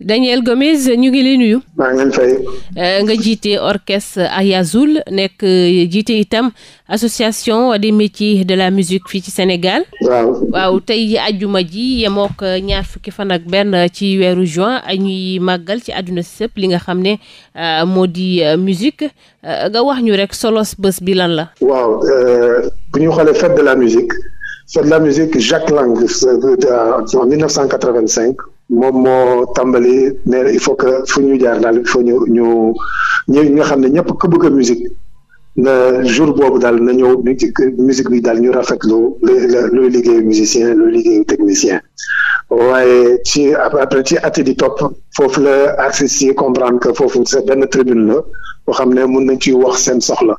danielle Gomes ñu ngi lay nuyu. maa ngi eh, nga jiite orchestre Ayazoul nekk eh, jiite itam association des métiers de la musique fii ci Sénégal. waaw waaw tey ajjuma ji yemook eh, ñaar fukki fan ak benn ci weeru juin ñuy màggal ci àdduna si sëpp li nga xam ne moo di musique nga wax ñu rek solos bës bi lan la. waaw bu ñu xoolee fête la musique fête la musique Jacques Lang euh, en moom moo tàmbali nee il faut que fu ñu jaar daal il ñu ñu ñu ñi nga xam ne ñëpp ku bëgg a musique na jour boobu daal na ñëw musique bi daal ñu rafet rafetlu luy liggéeyu musicien luy liggéeyu technicien waaye ci après ci at di topp foofu la artistes yi comprendre que foofu c'est benn tribune la boo xam ne mun nañ ci wax seen soxla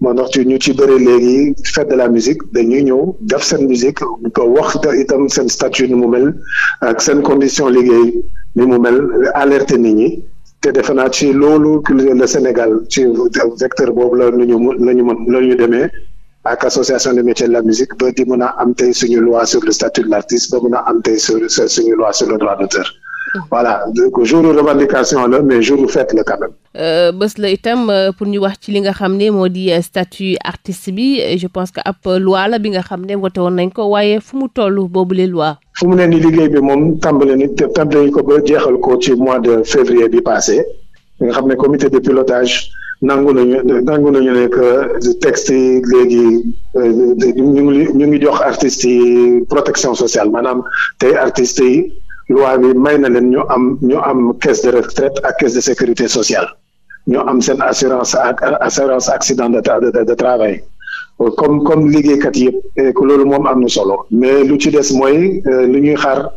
moo tax ci ñu ci bëri léegi fête de la musique dañuy ñëw def seen musique ko wax itam seen statut ni mu mel ak seen condition liggéey ni mu mel alerte nit ñi te defe naa ci loolu le Sénégal ci secteur boobu la ñu la ñu mën la ñu demee ak association des métiers de la musique ba di mën a am tey suñu loi sur le statut de l'artiste ba mën a am tey sur suñu loi sur le droit d'auteur voilà donc jour la mais jour fête la quand même. Euh, bés la itam euh, pour ñu wax ci li nga xam ne moo di euh, statut artiste bi je pense que ab loi la bi nga xam ne wote woon nañ ko waaye fu mu toll boobule loi. fu mu ne ni liggéey bi moom tàmbali ni tàmbali ko ba jeexal ko ci mois de février bi passé nga xam ne comité de pilotage. nangu na nangu nañu ne que texte yi léegi ñu ngi ñu ngi jox artistes yi protection sociale maanaam tey artistes yi loi bi may na leen ñu am ñu am caisse de retraite ak caisse de sécurité sociale ñu am seen assurance ak assurance accident de de travail comme comme liggéeykat yëpp loolu moom am na solo mais lu ci des mooy euh, lu ñuy xaar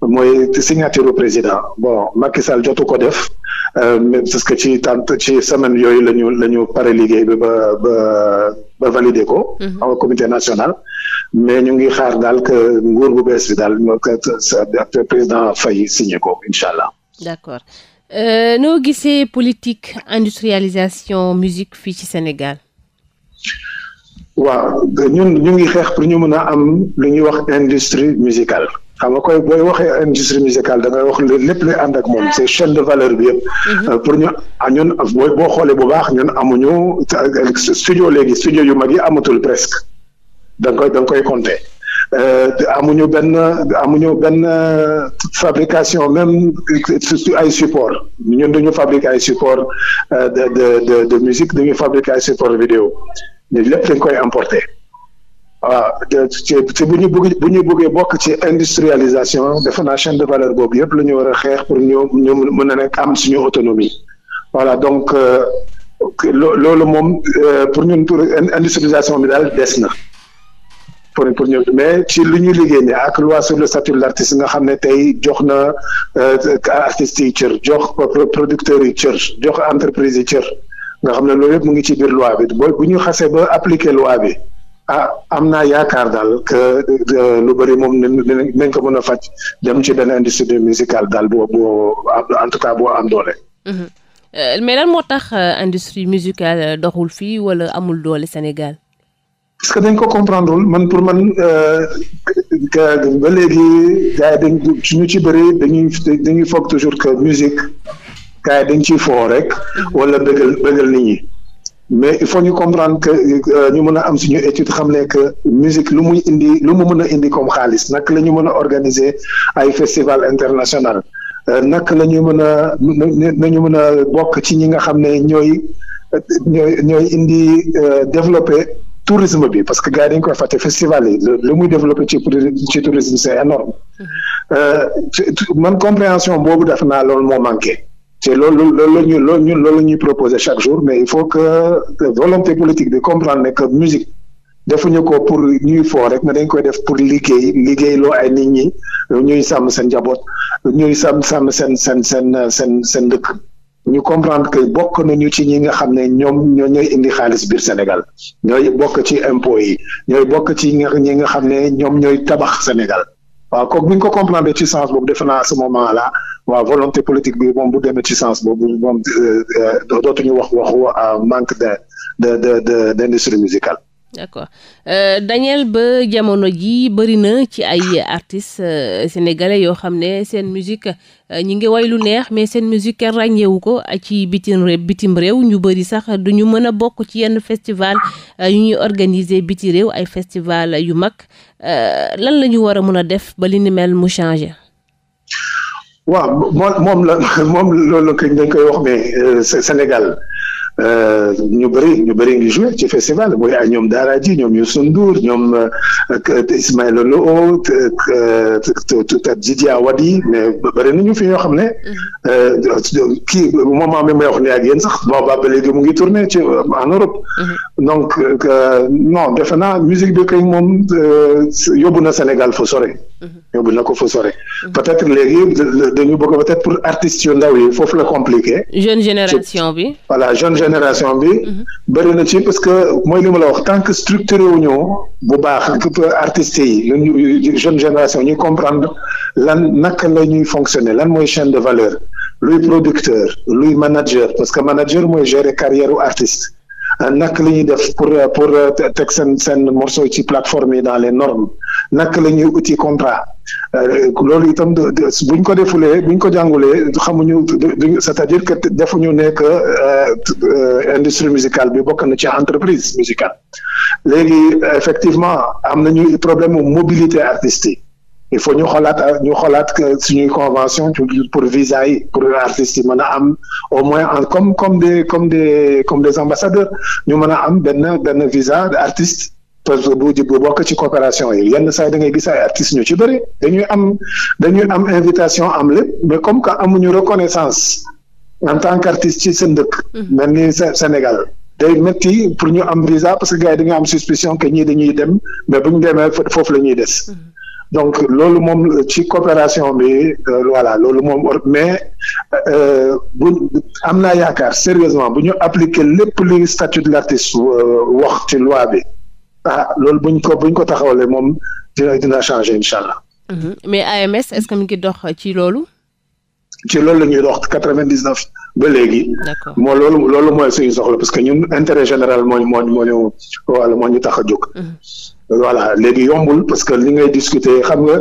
mooy signature au président bon Macky Sall jotu ko def parce que ci tant ci semaine yooyu la ñu la ñu pare liggéey bi ba ba ba valider ko. xam mhm. comité national. mais ñu ngi xaar daal que nguur bu bees bi daal que président Faye signé ko incha allah. d'accord euh, noo gisee politique industrialisation musique fii ci Sénégal. waaw ñun ñu ngi xeex pour ñu mën a am lu ñuy wax industrie musicale. xam nga koy booy waxee industrie musicale da ngay wax lépp luy ànd ak moom c'est chaîne de valeur bi yëpp. Mhm. Euh, pour ñu ah, ñun boo xoolee bu baax ñun amuñu studio léegi studio yu mag yi amatul presque da nga koy da nga koy compter euh, amuñu benn amuñu benn euh, fabrication même ay support ñun duñu fabriquer ay support de de de de musique dañu fabriquer ay support vidéo lépp dañ koy importer. ah ci bu ñu bëgg bu ñu bëggee bokk ci industrialisation defe naa de valeur boobu yëpp la ñu war a xeex pour ñoo ñu mën a nekk am suñu autonomie voilà donc euh, loolu moom euh, pour ñun pour industrialisation bi daal des na pour pour ñun mais ci lu ñuy liggéey ni ak loi sur le statut de nga xam ne tey jox na euh, artistes yi cër jox producteurs yi cër jox entreprise yi cër nga xam ne loolu yëpp mu ngi ci biir loi bi bu ñu xasee ba appliquer loi bi ah am naa yaakaar daal que euh, lu bëri moom nañ ko mën a faj dem ci benn industrie musicale daal boo boo en tout cas boo am doole. Mhm. Euh, mais lan moo tax euh, industrie musicale doxul fii wala amul doole Sénégal. parce que dañ ko comprendre man pour man ba léegi gars yi dañ suñu ci bëri dañuy dañuy foog toujours que musique gars yi dañ ciy foo rek mhm. wala bëggal bëggal nit ñi. mais il faut ñu comprendre que euh, ñu mën a am suñu étude xam ne que musique lu muy indi lu mu mën a indi comme xaalis nag la ñu mën a organiser ay festival international euh, nak la ñu mën a nañu mën a bokk ci ñi nga xam ne ñooy ñooy ñooy indi euh, développer tourisme bi parce que gars yi koy fàtte festival yi lu muy développer ci ci tourisme c'est énorme mmh. man compréhension boobu def naa loolu moo manqué c'est loolu loolu la ñu loolu ñun loolu ñuy proposer chaque jour mais il faut que volonté politique bi comprendre ne que musique defuñu ko pour ñuy foo rek mais dañ koy def pour liggéey liggéey ay nit ñi ñuy sàmm seen njaboot ñuy sàmm sàmm seen seen seen seen seen dëkk ñu comprendre que bokk nañu ci ñi nga xam ne ñoom ñoo ñooy indi xaalis biir Sénégal ñooy bokk ci impôts yi ñooy bokk ci ñi nga xam ne ñoom ñooy tabax Sénégal waaw kooku bu ñu ko comprendre ci sens boobu defe naa à ce moment là waaw volonté politique bi moom bu demee ci sens boobu moom euh, euh, dootuñu wax waxu euh, manque de de de de d' industrie musicale. d' accord euh, Daniel ba jamono ji bëri na ci ay artistes euh, sénégalais yoo xam ne seen musique euh, ñi ngi woy lu neex mais seen musique kenn ràññeewu ko ci bitim bitim réew ñu bëri sax du ñu mën a bokk ci yenn festival euh, yu ñuy organiser biti réew ay festival yu mag euh, lan la ñu war a mën a def ba li ni mel mu changé. waaw moom moom la moom loolu kañ dañ koy wax mais Sénégal. Euh, ñu bëri ñu bëri ngi joué ci festival mooy ay ñoom Daara J ñoom Youssou Ndour ñoom euh, euh, Ismaël ñu fi ñoo xam ne kii moment bi may wax sax booba ba léegi mu ngi tourné ci en Europe. Mm-hmm. donc non defe naa musique bi kay moom na Sénégal fu sore. yóbbu na ko fu sore. Mhm. peut-être léegi dañu bëgg peut-être pour artistes yu ndaw yi foofu la compliqué. jeune génération bi. voilà jeune génération mhm. ci parce que mooy li ma la wax tan que structuré wu ñu bu baax artistes yi jeune génération ñu comprendre lan naka la ñuy fonctionner lan mooy chaîne de valeur luy producteur luy manager parce que manager mooy gérer carrière u artiste. nak la ñuy def pour euh, pour euh, teg seen seen morceau ci plateforme yi dans les normes nak la ñuy uti contrat euh, loolu itam buñ ko defulee buñ ko jàngulee xamuñu c'est-à-dire que defuñu ne que industrie musicale bi bokk na ci entreprise musicale léegi effectivement am nañu problème mobilité artistique il faut ñu xoolaat ñu xoolaat suñuy convention pour visa yi pour artistes yi mën a am au moins comme comme des comme des comme des ambassadeurs ñu mën a am benn benn visa d'artiste parce que bu bu bokk ci coopération yi yenn saa yi da ngay gis ay artistes ñu ci bëri dañuy am dañuy am invitation am lépp mais comme que amuñu reconnaissance en tant qu'artiste ci seen dëkk. Mhm. mel ni Sénégal. day métti pour ñu am visa parce que gars yi dañuy am suspicion que ñii dañuy dem mais bu ñu demee foofu la ñuy des. Mhm. donc loolu moom ci coopération bi euh, voilà loolu moom mais euh, bu am naa yaakaar sérieusement bu ñu appliquer lépp li statut de l'artiste euh, wax ci loi bi ah loolu buñ ko buñ ko taxawalee moom dina dina changer incha allah. Mm-hmm. mais AMS est-ce que mu ngi dox ci loolu. ci loolu la ñuy dox quatre-vingt-dix-neuf ba léegi. d'accord moo loolu loolu mooy suñu soxla parce que ñun intérêt général moo ñu moo ñu moo ñu wala moo ñu tax a jóg. Mm-hmm. voilà léegi yombul parce que li ngay discuter xam nga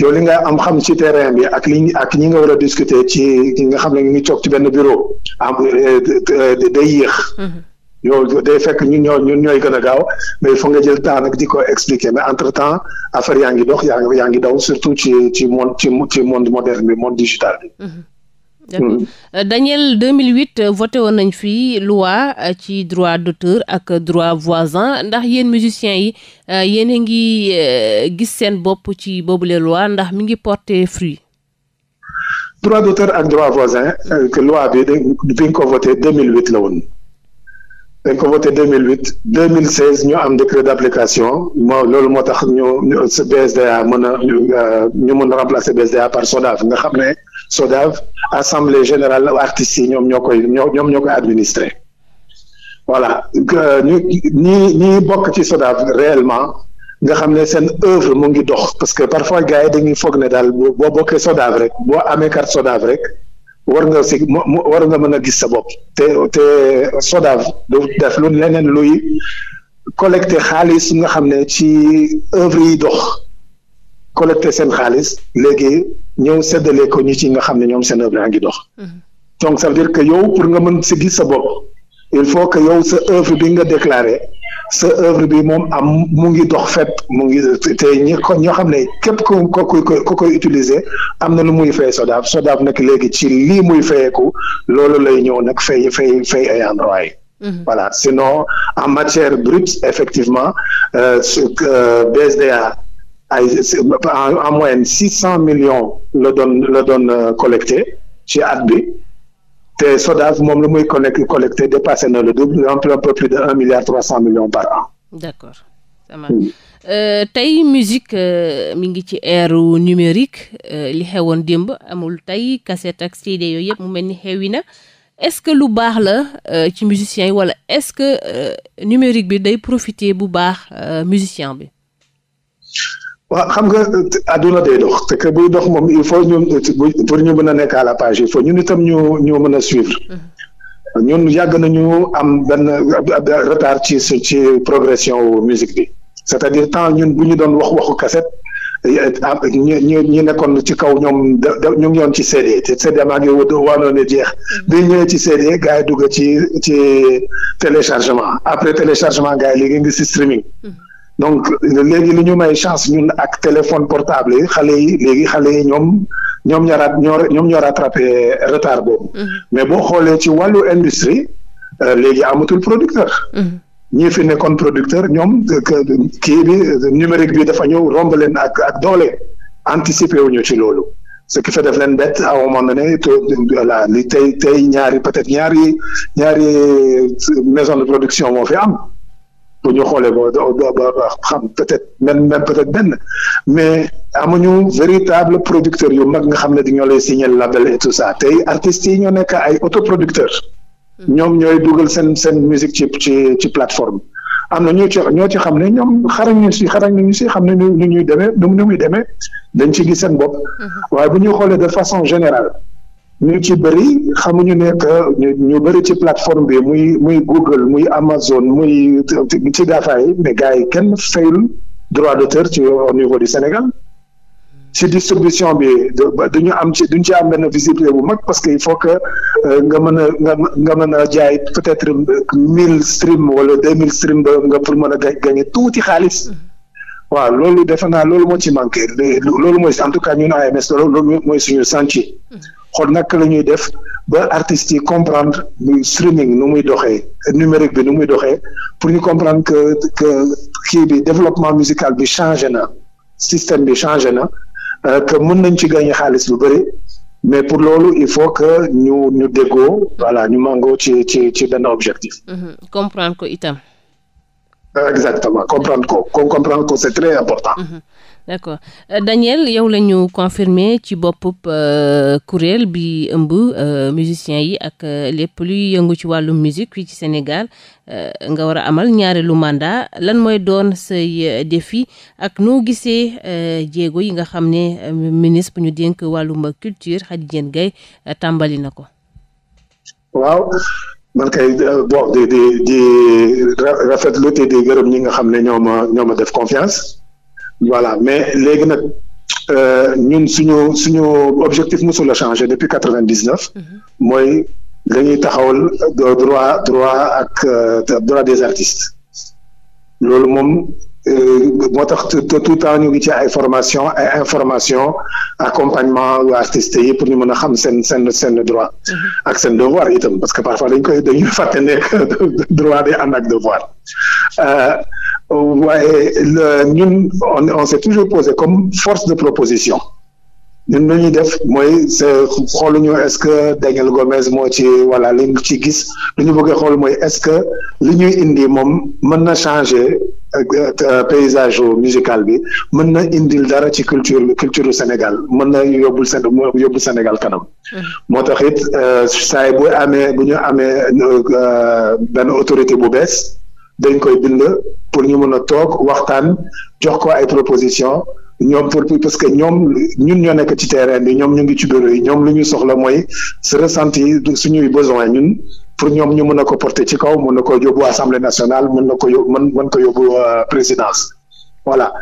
yow li nga am xam ci terrain bi ak li ak ñi nga war a discuter ci nga xam ne ñu ngi toog ci benn bureau am euh, euh, day yéex. Mm-hmm. yow day fekk ñu ñoo ñun ñooy gën a gaaw mais foog nga jël temps nag di ko expliquer mais entre temps affaire yaa ngi dox yaa ngi yaa ngi daw surtout ci ci monde ci ci monde moderne bi monde digital bi. Mm-hmm. d'accord mm. euh, Daniel 2008 euh, voté woon nañ fii loi euh, ci droit d'auteur ak droit voisin ndax yéen musiciens yi yéen a ngi gis seen bopp ci boobule loi ndax mi ngi porter fruit. droit d'auteur ak droit voisin que loi bi dañ ko voté 2008 la woon dañ ko voté 2008 2016 ñu am décret d'application moo loolu moo tax ñu BSDA mën a ñu mën a remplacer BSDA par SODAV nga xam ne. SODAV assemblée générale artistes yi ñoom ñoo koy ñoom ñoo koy administré voilà ñu ñi bokk ci SODAV réellement nga xam ne seen œuvre mu ngi dox parce que parfois gars yi dañuy foog ne daal boo bokkee SODAV rek boo amee carte SODAV rek war nga si war nga mën a gis sa bopp te te SODAV du def lu leneen luy collecté xaalis nga xam ne ci œuvre yi dox collecté seen xaalis léegi ñëw séddale ko ñi ci nga xam ne ñoom seen œuvre yaa ngi dox. Mm-hmm. donc ça dire que yow pour nga mën si gis sa bopp il faut que yow sa œuvre bi nga déclaré sa œuvre bi moom am mu ngi dox fet mu ngi te ñi ko ñoo xam ne képp ko ko ko koy utiliser am na lu muy fay SODAV SODAV nag léegi ci lii muy fayeeku loolu lay ñëw nag fay fay fay ay endroit yi. Mm-hmm. voilà sinon en matière brute effectivement euh, euh BSDA. ay en moyenne cent millions euh, la doon la doon collecté ci at bi te SODAV moom lu muy collecté collecté dépassé na le double un peu plus de un milliard trois cent millions par an. d'accord ça euh, musique euh, mi ngi ci ère numérique euh, li xewoon démb amul tey cassette ak CD yooyu yëpp mu mel ni xewi na est-ce que lu baax la euh, ci musiciens yi wala est-ce que numérique bi day profiter bu baax musicien bi. waaw xam nga àdduna day dox te que buy dox moom il faut ñun pour ñu mën a nekk à la page il faut ñun itam ñu ñu mën a suivre mm-hmm. ñun yàgg nañu am benn ci ci progression wu musique bi c'est-à-dire temps ñun bu ñu doon wax waxu cassette ñu ñu ñu nekkoon ci kaw ñoom ñu ngi yoon ci CD te CD maa ngi waanoon a jeex mm-hmm. bi ñëwee ci CD gars yi dugg ci ci téléchargement après téléchargement gars yi léegi ngi si streaming. Mm-hmm. donc léegi li ñu may chance ñun ak téléphone portable yi xale yi léegi xale yi ñoom ñoom ñoraat ñoom ñoo rattrapé retard boobu. Mm-hmm. mais boo xoolee ci wàllu industrie euh, léegi amatul producteur. Mm-hmm. ñii fi nekkoon producteur ñoom euh, kii bi euh, numérique bi dafa ñëw romb leen ak ak doole anticiper wu ñu ci loolu. ce qui fait def leen bett à un moment donné voilà li tey tey ñaari peut-être ñaari ñaari maison de production moo fi am. bu ñu xoolee ba xam peut-être même même peut-être benn mais amuñu véritable producteur yu mag nga xam ne di ñoo lay signer label et tout ça tey artistes yi ñoo nekk ay autoproducteurs hmm. ñoom ñooy dugal seen seen musique ci ci ci plateforme am na ñu ci ñoo ci xam ne ñoom xarañ ñu si xarañ nañu si xam ne nu ñuy demee nu muy demee dañ ci gis seen bopp hmm. waaye bu ñuy xoolee de façon générale ñu ci bëri xamuñu ne que ñu bëri ci plateforme bi muy muy Google muy Amazon muy ci GAFA yi mais gars yi kenn fayul droit d'auteur ci au niveau du Sénégal ci distribution bi duñu am ci duñ ci am benn visibilité bu mag parce que il faut que euh, nga mën nga nga mën a jaay peut-être mille stream wala deux mille stream ba nga pour mën a gagner tuuti xaalis waaw loolu defe naa loolu moo ci manqué loolu mooy en tout cas ñun AMS loolu mooy suñu sànci xool naka la ñuy def ba artistes yi comprendre muy streaming nu muy doxee numérique bi nu muy doxee pour ñu comprendre que que kii bi développement musical bi changé na système bi changé na euh, que mën nañ ci gagné xaalis bu bëri mais pour loolu il faut que ñu ñu déggoo voilà ñu màngoo ci ci ci benn objectif. Mm-hmm. comprendre ko itam. exactement comprendre ko kon comprendre ko c'est très important. Mm -hmm. d'accord euh, Daniel yow la ñu confirmer ci boppub euh, kuréel bi ëmb euh, musiciens yi ak lépp luy yëngu ci wàllu musique fii ci Sénégal nga war a amal ñaareelu mandat lan mooy doon say défi ak noo gisee jéego yi nga xam ne ministre bu ñu dénk wàllum culture Khady Diène Gaye tàmbali na ko. waaw man kay euh, bon di di di rafetlu te di gërëm ñi nga xam ne ñoo ma ñoo ma def confiance voilà mais léegi nag euh, ñun suñu suñu objectif mosul a changé depuis quatre vingt dix neuf mhm. mooy dañuy taxawal euh, droit droit ak droit des artistes loolu moom Euh, moo tax tout le temps ñu ngi ci ay formation ay information accompagnement waa artiste yi pour ñu mën a xam seen seen seen droit mm-hmm. ak seen devoir itam parce que parfois dañ koy dañuy fàtte ne droit day ànd ak devoir euh, waaye ñun on on s'est toujours posé comme force de proposition ñun lu ñuy def mooy c'est xooluñu est-ce que Daniel Gomez moo ci voilà li ci gis lu ñu bëggee xool mooy est-ce que li ñuy indi moom man na changer Euh, euh, paysage musical bi mën na indil dara ci culture culture Sénégal mën na yóbbul Séné yóbbul Sénégal kanam. moo tax it euh, saa bu amee bu ñu amee benn autorité bu bees dañ koy bind pour ñu mën a toog waxtaan jox ko ay proposition ñoom pour parce que ñoom ñun ñoo nekk ci terrain bi ñoom ñu ngi ci bureau yi ñoom lu ñu soxla mooy se ressentir suñuy besoin ñun. pour ñoom ñu mën na ko porter ci kaw mun na ko yóbbu assemblée nationale mën na ko yóbbu mën mën ko yóbbu euh, présidence voilà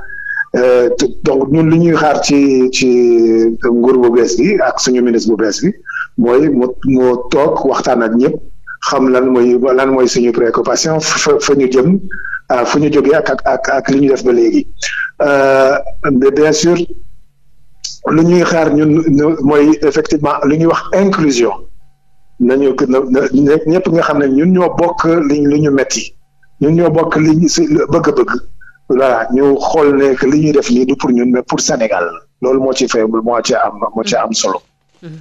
euh, donc ñun li ñuy xaar ci ci nguur bu bees bi ak suñu ministre bu bees bi mooy mu mu toog waxtaan ak ñëpp xam lan mooy lan mooy suñu préoccupation fa fa ñu jëm euh, fu ñu jógee ak ak ak li ñu def ba léegi bien sûr lu ñuy xaar ñun mooy effectivement lu ñuy wax inclusion nañu na ñëpp nga xam ne ñun ñoo bokk liñ li ñu metti ñun ñoo bokk liñ si bëgg-bëgg voilà ñu xool ne que li ñuy def nii du pour ñun mais pour Sénégal loolu moo ci faible moo ci am ci am solo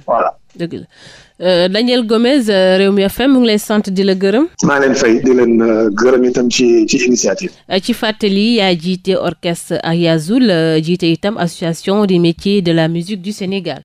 voilà. dëgg la euh, Daniel Gomes euh, Rewmi FM mu ngi lay sant di la gërëm. maa leen fay di leen euh, gërëm itam ci ci initiative. ci fàttali yaa jiite orchestre Ariazul jiite itam association des métiers de la musique du Sénégal.